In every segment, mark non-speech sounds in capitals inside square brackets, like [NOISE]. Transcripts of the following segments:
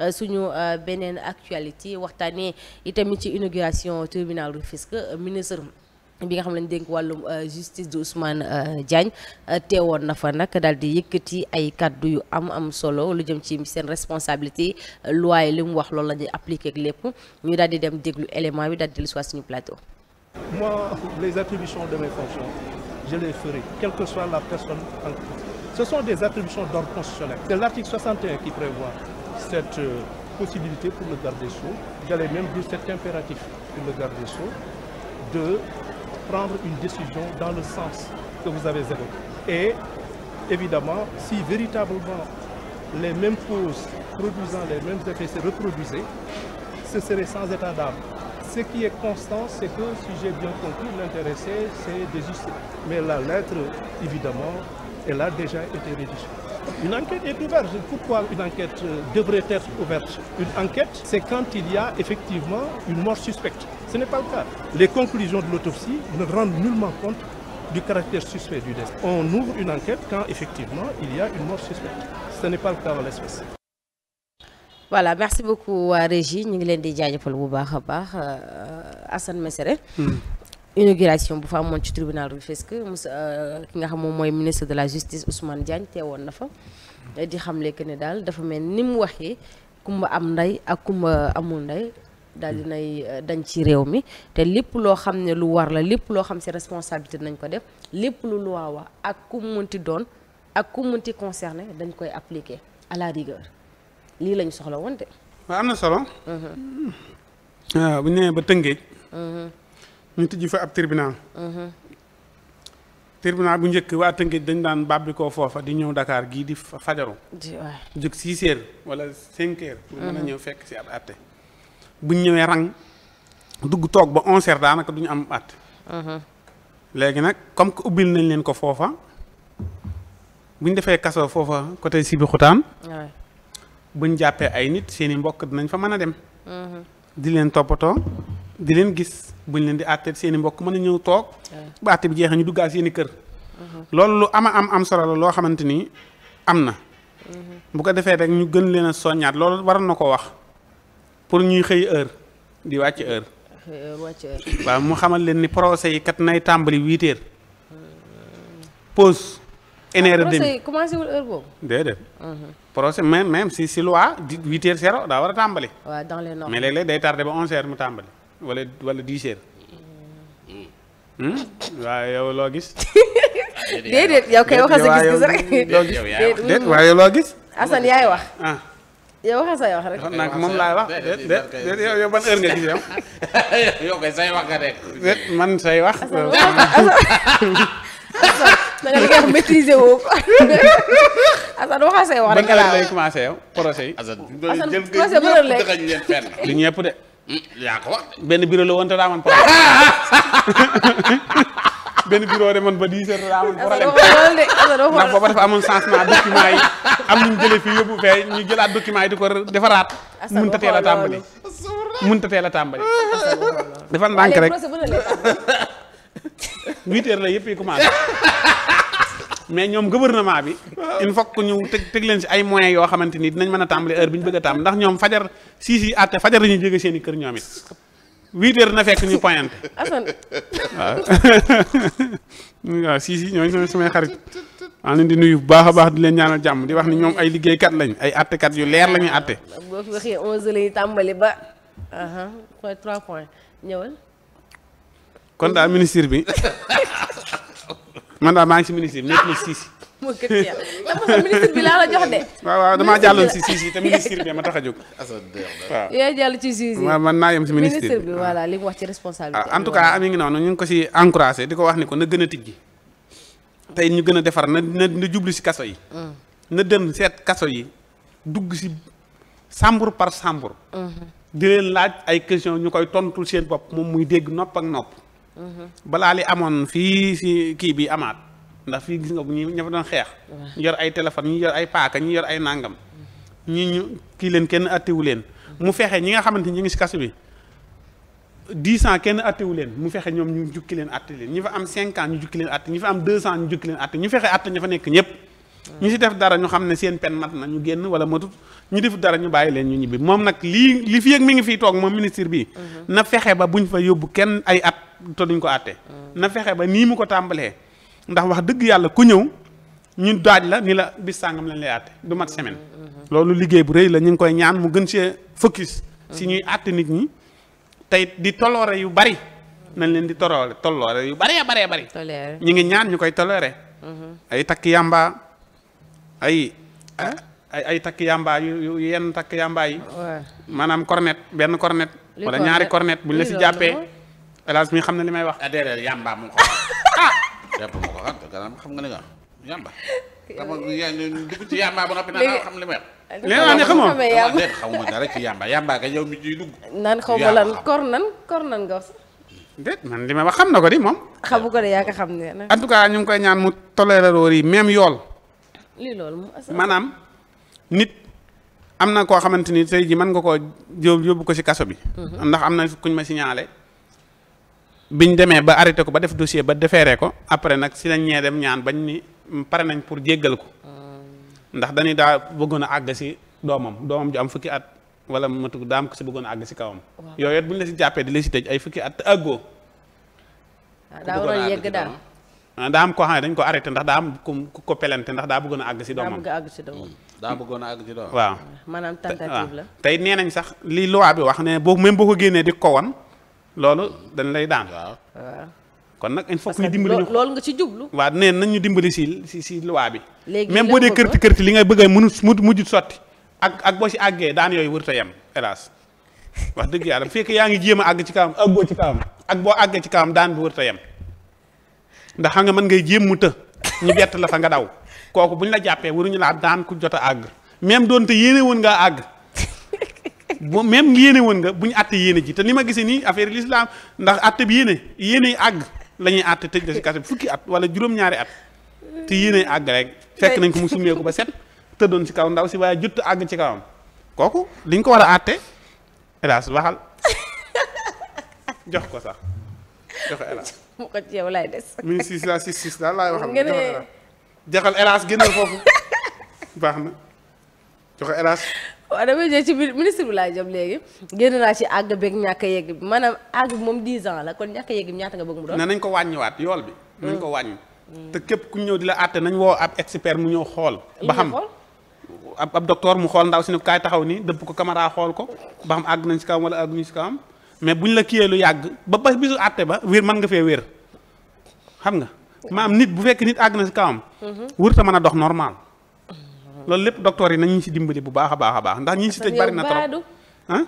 Euh, suñu euh, beneen actualité waxtaanee itamit ci inauguration tribunal Rufisque euh, ministre bi nga xam ne dénk wàllum justice di Ousmane te woon na fa nag daal di yëkkati ay kàddu yu am am solo lu jëm ci seen responsabilité loi li mu wax lool la ñuy ak lépp ñu daal di dem déglu élément bi daal di dellu si suñu plateau. moi les attributions de mes fonctions je les ferai quelle que soit la personne ce sont des attributions d'ordre constitutionnel. c'est cette euh, possibilité pour le garde des Sceaux, j'allais même dire cet impératif pour le garde des de prendre une décision dans le sens que vous avez évoqué. Et évidemment, si véritablement les mêmes causes produisant les mêmes effets se reproduisaient, ce serait sans état d'âme. Ce qui est constant, c'est que, si j'ai bien compris, l'intéressé, c'est de Mais la lettre, évidemment, elle a déjà été rédigée. Une enquête est ouverte. Pourquoi une enquête euh, devrait être ouverte Une enquête, c'est quand il y a effectivement une mort suspecte. Ce n'est pas le cas. Les conclusions de l'autopsie ne rendent nullement compte du caractère suspect du décès. On ouvre une enquête quand effectivement il y a une mort suspecte. Ce n'est pas le cas en l'espèce. voilà merci beaucoup waa euh, régie ñu ngi leen di jaajëfal bu baax a baax euh, Assane Mesere hmm. inauguration bu fa amoon ci tribunal Rufisque Moussa euh, ki nga xam moom mooy ministre de la justice Ousmane Diagne woon na fa di xamle que ne daal dafa mel ni mu waxee kumba am ndey ak kumba amul ndey daal dinay euh, dañ ci réew mi te lépp loo xam ne lu war la lépp loo xam si responsabilité nañ ko def lépp lu loi wax ak ku mënti doon ak ku munti concerné dañ koy appliquer à la rigueur lii lañ soxla woon de. waaw am na solo. Mhm. Ah, bu ñu ba Tëngéej. Mhm. ñu tijji fa ab tribunal. tribunal bu njëkk waa Tëngéej dañ daan bàbbikoo foofa di ñëw dakaar gii di fajaru jóg six heures wala cinq heures mhm. ñëw fekk si ab àtte buñ ñëwee rang dugg toog ba onze heures daanaka duñu am àtte mhm. léegi nag comme que ubbil nañ leen ko foofa buñ defee kaso foofa côté Sibi Xutaan buñ jàppee ay nit seeni mbokk dinañ fa mën a dem mhm. di leen toppatoo di leen gis buñ leen di àtte seen i mbokk mën a ñëw toog. ba àtte bi jeexee ñu duggaat seen kër. loolu lu ama am am solo la loo xamante ni am na. bu ko defee rek ñu gën leen a soññaat loolu waroon na ko wax pour ñuy xëy heure di wàcc heure. waaw mu xamal leen ni procès yi kat nay tàmbali huit pose pause. une heure et demie ah, procès yi commencé wul heure boobu. déedéet. Mhm. procès même même si loi di huit heures zéro daa war a tàmbali. waaw dans les normes mais day tardé ba onze mu tàmbali. wala wala dix heures. Hmm? Hmm? waaw yow loo gis. [LAUGHS] déedéet yow kay waxal sa gis loo gis. Assane yaay wax. Ah. yow waxal wax rek. moom laay wax déet déet yow ban heure nga gis yow. [LAUGHS] yow kay say wax nga rek. man say wax. da nga wax maîtriser woo ko. Assane waxal wax rek. ban heure lay commencé yow procès yi. Assane jël nga ñëpp dëxañ leen fenn. du de. yaa ko wax benn bureau la woon te daa amoon problème [LAUGHS] benn de man ba 10 heures daa amoon problème ndax booba dafa amoon changement document yi am ñu jëlee fii yóbbu fee ñu jëlaat document yi di ko defaraat. mënut a teel a tàmbali mënut a teel a tàmbali. rek [LAUGHS] 8 heures la yëpp yi commencé. [LAUGHS] mais ñoom gouvernement bi il faut ñu teg teg leen si ay moyens yoo xamante ni dinañ mën a tàmbali heure bi ñu bëgg a tàmbali ndax ñoom fajar si si àtte fajar la ñuy jóge seeni kër ñoom it huit na fekk ñu pointé waaw [LAUGHS] waaw si si ñooñu sama samay xarit maa leen di nuyu bu baax a baax di leen ñaanal jàmm di wax ni ñoom ay liggéeykat lañ ay àttekat yu leer la ñuy àtte boo fi waxee onze lañuy tàmbali ba trois points ñëwal kon daal ministre bi [LAUGHS] man daal maa ngi si ministre bi nekk na Cissé. [LAUGHS] moo gën ci yàlla ministre bi laa la jox de. [LAUGHS] waaw waaw damaa jàlloon si Cissé te ministre [LAUGHS] bi ma tax a jóg. waaw yaa jàll ci Cissé. waaw man naa yem si ministre bi ministre bi ah. voilà li mu wax ci responsabilité. Ah, en tout cas ami ngi noonu ñu ngi ko si encouragé di ko wax ni ko na gën a tijji tey ñu gën a defar na na na jublu si kaso yi. Mm. na dem seet kaso yi dugg si chambre par chambre. Mm-hmm. di leen laaj ay question ñu koy tontu seen bopp moom muy dégg nopp ak nopp. balaa li amoon fii si kii bi amaat ndax fii gis nga bu ñu ña fa doon xeex ñu yor ay téléphone ñu yor ay paaka ñu yor ay nàngam ñu ñu kii leen kenn attiwu leen mu fexe ñi nga xamante ñi ngi si kasu bi dix ans kenn attiwu leen mu fexe ñoom ñu jukki leen atte leen ñi fa am cinq ans ñu jukki leen atte ñi fa am deux ans ñu jukki leen atte ñu fexe atte ña fa nekk ñëpp ñu si def dara ñu xam ne seen pen mat na ñu génn wala matut ñu def dara ñu bàyyi leen ñu ñibbi moom nag lii li fi yëg mi ngi fiy toog moom ministre bi mhm. na fexe ba buñ fa yóbbu kenn ay at te ñu ko àtte mhm. na fexe ba nii mu ko tàmbalee ndax wax dëgg yàlla ku ñëw ñu daaj la ni la bis sàngam lañ lay àtte du mat semaine mhm, loolu liggéey bu rëy la ñu ngi koy ñaan mu gën see focus si ñuy àtte nit ñi tey di toloore yu bari nañ leen di toloore tolloore yu baree baree bari ñu ngi ñaan ñu koy toloore takk yàmba ay ay takk yamba yu yenn takk yàmbaa yi maanaam cornet benn cornet wala ñaari cornet buñ la si jàppee hélas mi xam ne li may wax déedéet yàmbaa mu ko [LAUGHS] ah! ko xam nga li nga yàmba [LAUGHS] dama dugg ci yàmbaa ah, xam li may wax léegi ne xamoo xamuma dara ci yàmba yàmbaa ka yow mi ciy dugg naan xaw ma lan kor nan nga wax déet wax xam na ko di moom xamu ko de yaa ko xam ne en tout cas ñu ngi koy ñaan mu toléré yi même yool lii maanaam nit am na koo xamante ni tey ji mën nga koo yóbbu ko ci kaso bi. Mhm. ndax am na kuñ ma signalé. biñ demee ba arrêté ko ba def dossier ba defeeree ko après nag si nañ ñee dem ñaan bañ ni pare nañ pour jéggal ko. Ah. ndax dañuy daa bëggoon a àgg si doomam doomam ju am fukki at wala matu daam ko si bëggoon a àgg si kawam. waaw yooyu bu ñu la si jàppee di la si tëj ay fukki at te àggoo. Ah, daa waroon yegg daal Ah, daa am ko xam ne dañ ko arrêté ndax daa am ku ko pelante ndax daa bëggoon a àgg si doomam. daa bëgg a àgg si doomam. Mm. daa bëggoon a ah, la. tey nee nañ sax li loi bi wax ne boo même boo ko génnee di ko wan loolu dañ lay daan. waaw kon nag in faut que ñu dimbali ñu. ci jublu. nee nañ ñu dimbali si si si loi bi. léegi même boo dee kërti kërti li nga bëgg a mënu mujj sotti ak ak boo si àggee daan yooyu wërta yem hélas wax dëgg yàlla fekk yaa ngi jéem àgg ci kawam àggoo ak boo àggee ci kawam daan bi wërta yem ndax xam nga mën ngay jéem mu të ñu bett la fa nga daw kooku bu ñu la jàppee waruñu laa daan ku jot a àgg même doonte yéene woon ngaa àgg même yéene woon nga bu ñu àtte yéene ji te ni ma gisee nii affaire l'islam ndax àtte bi yéene yéene àgg lañuy ñuy àtte tëj la si kaso fukki at wala juróom at yéene àgg fekk nañ ko mu summeeku ba set tëddoon si kaw ndaw si waaye jot àgg ci kawam kooku liñ ko war a àtte hélas waxal [LAUGHS] jox ko sax jox ko mu ko ci yow lay des. mille six la six six daal laay waxal. ngeen ne jaxal hélas génnal foofu [LAUGHS] baax na joxe hélas. waaw damay jël ci ministre bi laa jëm léegi génn naa ci àgg beeg ñàkk yegg bi maanaam àgg bi moom 10 ans la kon ñàkk yegg bi ñaata nga bëgg mu doon. ne nañ ko wàññiwaat yool bi. Hmm. nañ ko wàññi. te képp ku ñëw di la àtte nañ woo ab expert mu ñëw xool. ba xam ab ab docteur mu xool ndaw si ne kaay taxaw nii dëpp ko caméra xool ko ba àgg nañ si kawam wala àgguñu si mais bu ñu la kiyee lu yàgg ba ba bisu àtte ba wér man nga fee wér xam nga maam nit bu fekk nit àgg na si kawam mhm. wër ta mën a dox normal loolu lépp docteur yi nañ ñu si dimbali bu baax a baax a baax ndax ñi si tëj bari na trop ah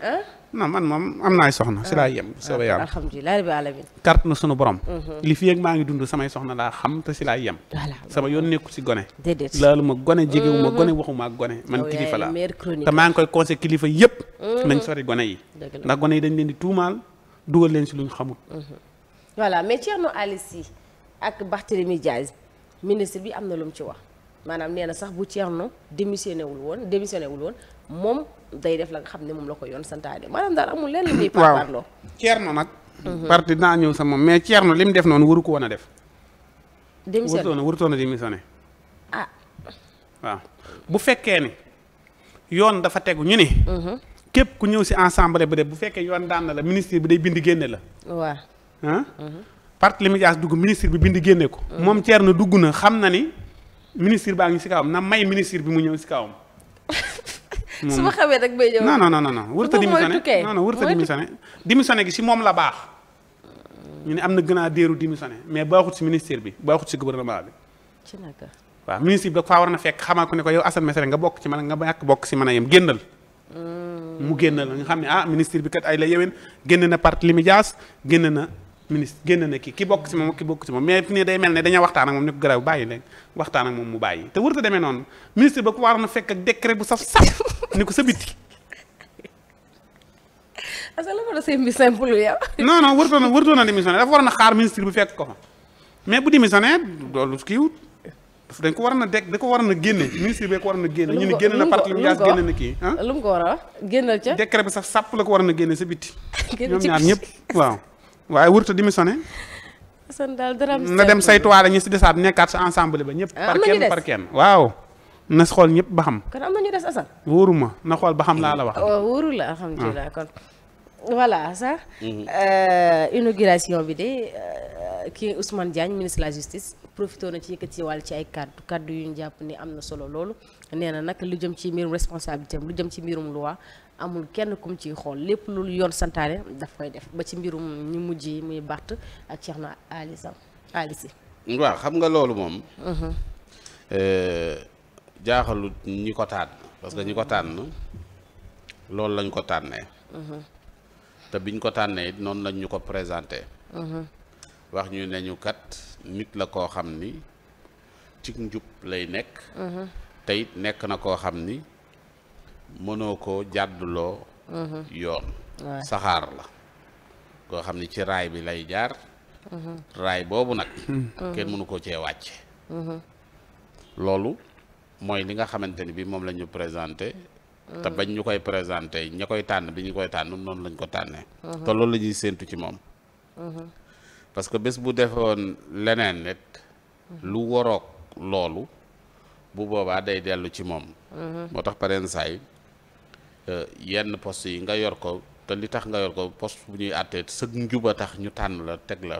non man moom am naay soxna si laa yem soobee ah, yàlla alhamdulilah rabbil alamin na sunu borom mhm. li fi ak maa ngi dund samay soxna laa xam te si laa yam sama yoon nekku si gone déedéet laalu ma gone jegewu ma mhm. gone waxuma gone man kilifa laa te maa ngi koy conseil kilifa yëpp mhm. nañ sori gone yi ndax gone yi dañ leen di tuumaal dugal leen si luñ xamul voilà mais Thierno Alice Sy ak Barthélémy Diaz ministre bi am na lu mu ci wax maanaam nee na sax bu Thierno démissionné wul woon démissionné wul woon moom day def la nga xam ne moom la ko yoon santaane maanaam daal amul lenn muy [COUGHS] parparloo Thierno nag mhm. parti dinaa ñëw sa moom mais Thierno li mu def noonu waru ko woon a def démissionné warutoon a démissionné ah waaw bu fekkee ni yoon dafa tegu ñu ni mhm. képp ku ñëw si ensemble bi de bu fekkee yoon daan na bi day bind génne la waaw ah parti li mu dugg ministre bi bind génne ko moom Thierno dugg na xam na ni ministre baa ngi si kawam na may ministre bi mu ñëw si kawam su ma xamee rek bay ñëw. non non non non warut a démissionné non non warut a démissionné gi si moom la baax. ñu ne am na gën a déeru démissionné mais baaxut si ministère bi baaxut si gouvernement bi. ci naka. waaw ministre bi da war na fekk xamaa ko ne ko yow Assane Mesere nga bokk ci man nga ñàkk bokk si mën a yem génnal. Hmm. mu génnal nga xam ne ah ministre bi kat ay la yeween génn na Barthélémy Dias génn na. ministre génn na kii ki bokk ci moom bokk ci moom mais fi ne day mel ne dañoo waxtaan ak moom ne ko garaaw bàyyi leen waxtaan ak moom mu bàyyi te wërta demee noonu ministre ba ko waroon a fekk ak décret bu saf saf ni ko sa biti parce [LAUGHS] que la ma seen bi simple yow. [LAUGHS] non na wërtoon na démissionné dafa waroon a xaar ministre bi fekk ko fa mais bu démissionné loolu kii wut daf dañ ko waroon a dekk da ko waroon a génne ministre bi ko waroon a génne. ñu ni génn na parti bi yaas génn na kii. Ah? lu mu ko war a génnal ca. décret bu saf sàpp la ko war a génne sa biti. [LAUGHS] ñoom ñëpp waaw. waaye wurta démissionné. Assane daal dara na dem saytuwaale ñi si desaat nekkaat sa ensemble ba ñëpp. Ah, par kenn par kenn waaw. na xool ñëpp ba xam. kon am na ñu des Assane. wóoru ma na xool ba xam laa la wax. Oh, wóoru la alhamdulilah ah. kon. voilà sax. Mhm. Euh, inauguration bi de euh, kii Ousmane Diagne ministre de la justice profité na ci yëkkati wàll ci ay kàddu kàddu yu ñu jàpp ni am na solo loolu nee na nag lu jëm ci mbirum responsabilité am lu jëm ci mbirum loi amul kenn kum ci xool lépp lu yoon santaane daf koy def ba ci mbirum ñu mujj yi muy Barth ak Cheikhna Ali Sam Ali Si waaw xam nga loolu moom mhm. euh, jaaxalut ñi ko tànn parce que ñi ko tànn loolu lañ ko tànnee mhm. te biñ ko tànnee it noonu lañ ñu ko présenté mhm. wax ñu ne ñu kat nit la koo xam ni ci njub lay nekk te nekk na koo xam ni mënoo ko jàdduloo mhm. yoon saxaar la koo xam ne ci raay bi lay jaar mhm. raay boobu nag mhm. kenn mënu ko cee wàcce loolu mooy li nga xamante ni bi moom la ñu présenté te bañ ñu koy présenté ña koy tànn bi ñu koy tànn noonu lañ ko tànnee te loolu la ñuy séentu ci moom parce que bés bu defoon leneen rek lu waroog loolu bu boobaa day dellu ci moom moo tax pareen saay Eh, yenn post yi nga yor ko te li tax nga yor ko post bu ñuy àttee sëg njuba tax ñu tànn la teg la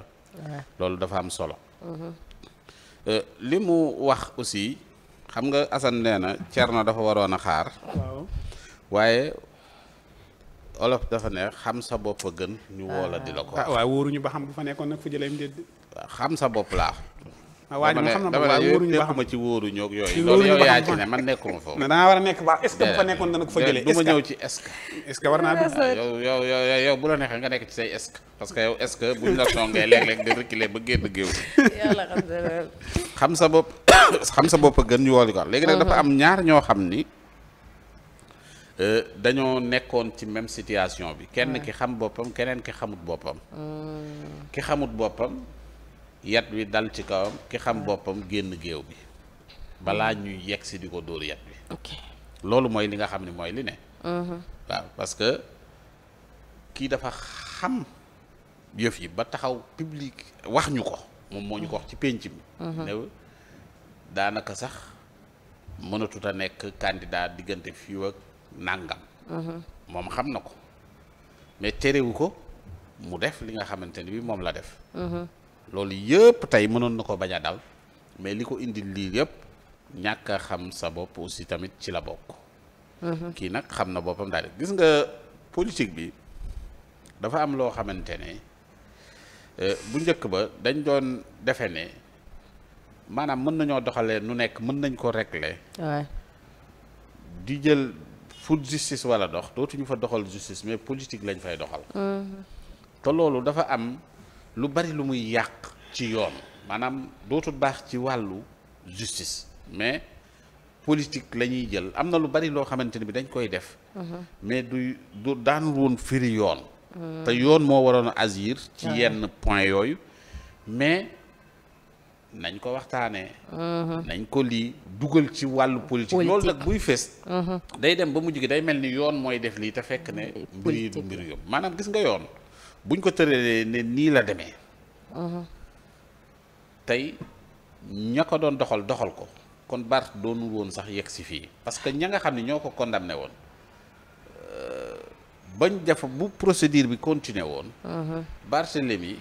loolu dafa am solo mm-hmm. eh, li mu wax aussi xam nga Assane nee na Thierno dafa waroon a xaar waaye olof dafa ne xam sa bopp a gën ñu woola di la ko ah, waaye wóoruñu ba xam bu fa nekkoon nag fu jëleem déedéet xam sa bopp laa Ah, waaye dama xam na waaye wóoruñu baax ma ci wóoru ñoog yooyu loolu yow ne man nekkuma foofu mais dangaa war a nekk baax est bu fa nekkoon dana ko fa jëlee du ma ñëw ci est-ce que est-ce yow bu la neexee nga nekk ci say est parce que yow est-ce que buñ la songee léeg-léeg di reculer ba génn géew xam sa bopp [COUGHS] xam sa bopp gën ñu woolu léegi nag dafa uh-huh. am ñaar ñoo xam ni euh, dañoo nekkoon ci même situation bi kenn ki xam boppam keneen ki xamut boppam mm. ki xamut boppam yat wi dal ci kawam ki xam boppam génn géew bi balaa hmm. ñuy yegg si di ko dóor yat bi loolu mooy li nga xam ne mooy li ne waaw parce que kii dafa xam yëf yi ba taxaw public wax ñu ko moom moo ñu ko wax ci pénc mi ne daanaka sax mënatut a nekk candidat diggante fii ak nàngam moom xam na ko mais terewu ko mu def li nga xamante ni bi moom la def loolu yëpp tey mënoon na ko bañ a dal mais li ko indi lii yëpp ñàkk a xam sa bopp aussi tamit ci la bokk. Mhm. kii nag xam na boppam daal gis nga politique bi dafa am loo xamante ne euh, bu njëkk ba dañ doon defe ne maanaam mën nañoo doxalee nu nekk mën nañ ko régler. di jël fu justice wala dox tootuñu fa doxal justice mais politique lañ fay doxal. Mhm. te loolu dafa am. lu bari lu muy yàq ci yoon maanaam dootul baax ci wàllu justice mais politique la ñuy jël am na lu bari loo xamante ni bi dañ koy def mhm. mais du du daanul woon firi yoon mhm. te yoon moo waroon asir ci yenn point yooyu mais nañ ko waxtaanee mhm. nañ ko lii dugal ci wàllu politique loolu nag buy fees day dem ba mujj gi day mel ni yoon mooy def lii te fekk ne mbir yi du mbir yóbbu maanaam gis nga yoon bu buñ ko tëralee ne nii la demee. Mhm. tey ña ko doon doxal doxal ko kon Barth doonul woon sax yegg si fii parce que ña nga xam ne ñoo ko condamné woon euh, bañ def bu procédure bi continuer woon. Mhm. Barthélemy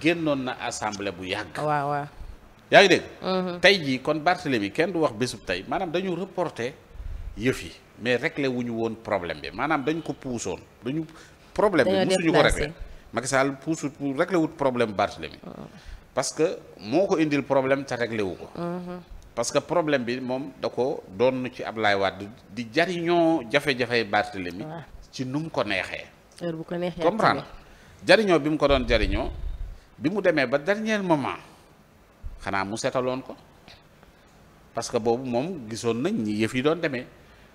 génnoon na assemblée bu yàgg. waaw waaw. yaa ngi mhm. tey jii kon Barthélemy kenn du wax bésu tey maanaam dañu reporté yëf yi mais réglé wu ñu woon problème bi maanaam dañ ko puusoon dañu problème bi musuñu ko réglé Macky Sall pour pour régler wut problème Barthélemy parce que moo ko indil problème te réglé wu ko. parce que problème bi moom da ko doon ci ab Ablaye Wade di jariñoo jafe-jafe Barthélemy ci nu mu ko neexee. heure jariñoo bi mu ko doon jariñoo bi mu demee ba dernier moment xanaa mu setaloon ko parce que boobu moom gisoon nañ ñi yëf yi doon demee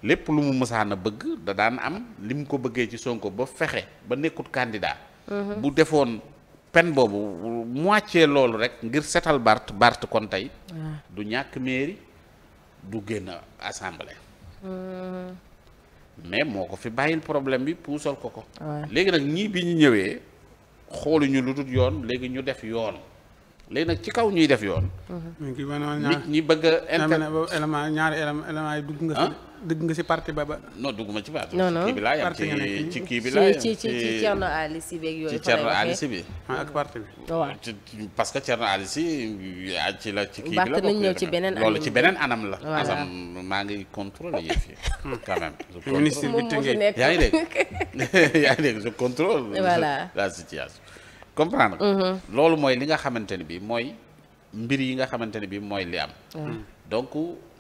lépp lu mu mësaan a bëgg da daan am li mu ko bëggee ci Sonko ba fexe ba nekkut candidat. Mhm. bu defoon pen boobu moitié loolu rek ngir setal barte barte kon tey. Ah. du ñàkk mairie du génn assemblée. Mhm. mais moo ko fi bàyyil problème bi puusal ko ko. léegi nag ñii bi ñu ñëwee xooluñu lu dul yoon léegi ñu def yoon. léegi nag ci kaw ñuy def yoon. nit ñi bëgg a. inter élément ñaari élément yi dugg nga. dugg nga si parti ba ba. non dugg ma ci parti. non non parti nga nekk ci kii bi laa yem ci ci ci Thierno Ali Sy beeg yooyu. ci Thierno Ali Sy bi. Ah, ak parti bi. Oh, waaw parce que Thierno Ali Sy ci la ci kii bi la. bokk nañ ñëw ci beneen anam loolu ci beneen anam la. voilà asam maa ngi contrôle yi fii. Hmm. quand même. ministre bi tënkee yaa ngi dégg [LAUGHS] [LAUGHS] yaa ngi dégg je contrôle. voilà la situation. comprendre mhm. loolu mooy li nga xamante ne bi mooy mbir yi nga xamante ne bi mooy li am mm. donc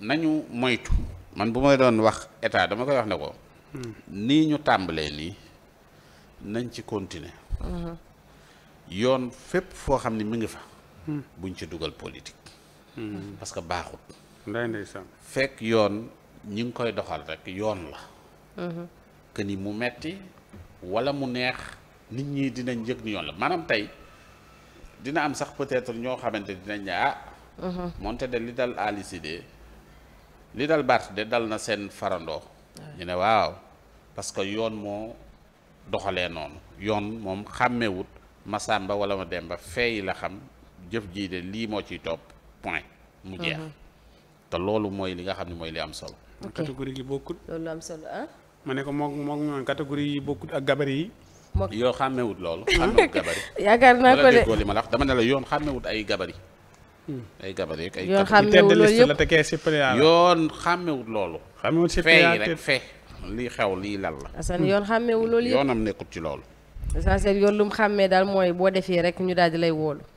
nañu moytu man bu may doon wax état dama koy wax ne ko mm. nii ñu tàmbalee nii nañ ci continuer mhm. yoon fépp foo xam ne mi ngi fa mm. buñ ci dugal politique parce que baaxut fekk yoon ñi ngi koy doxal rek yoon la mhm. que ni mu metti walla mu neex nit ñi dinañ yëg ni yoon la maanaam tey dina am sax peut-être ñoo xamante dinañ ne ah. Mhm. moonte de li dal Alice de li dal Bart de dal na seen farandoo. ñu ne waaw parce que yoon moo doxalee noonu yoon moom xàmmewut ba wala ma dem ba feey la xam jëf jii de lii moo ciy topp point mu jeex. Mhm. te loolu mooy li nga xam ne mooy li am solo. catégorie yi bokkut. loolu am solo ah. ma ne ko moom moom catégorie yi bokkut ak gabarit yi. yoo xàmmewut loolu. [LAUGHS] xàmmewut gabari. yaakaar naa ko de dama ne la yoon xàmmewut ay gabari. Hmm. ay gabari yeeg ay. yoon xàmmewut loolu yëpp yoon xàmmewut loolu. xàmmewut si fee rek fee lii xew lii lan la. Assane yoon hmm. xàmmewut loolu yëpp yoonam nekkut ci loolu. saa yoon lu mu xàmmee daal mooy boo defee rek ñu daal di lay wóolu.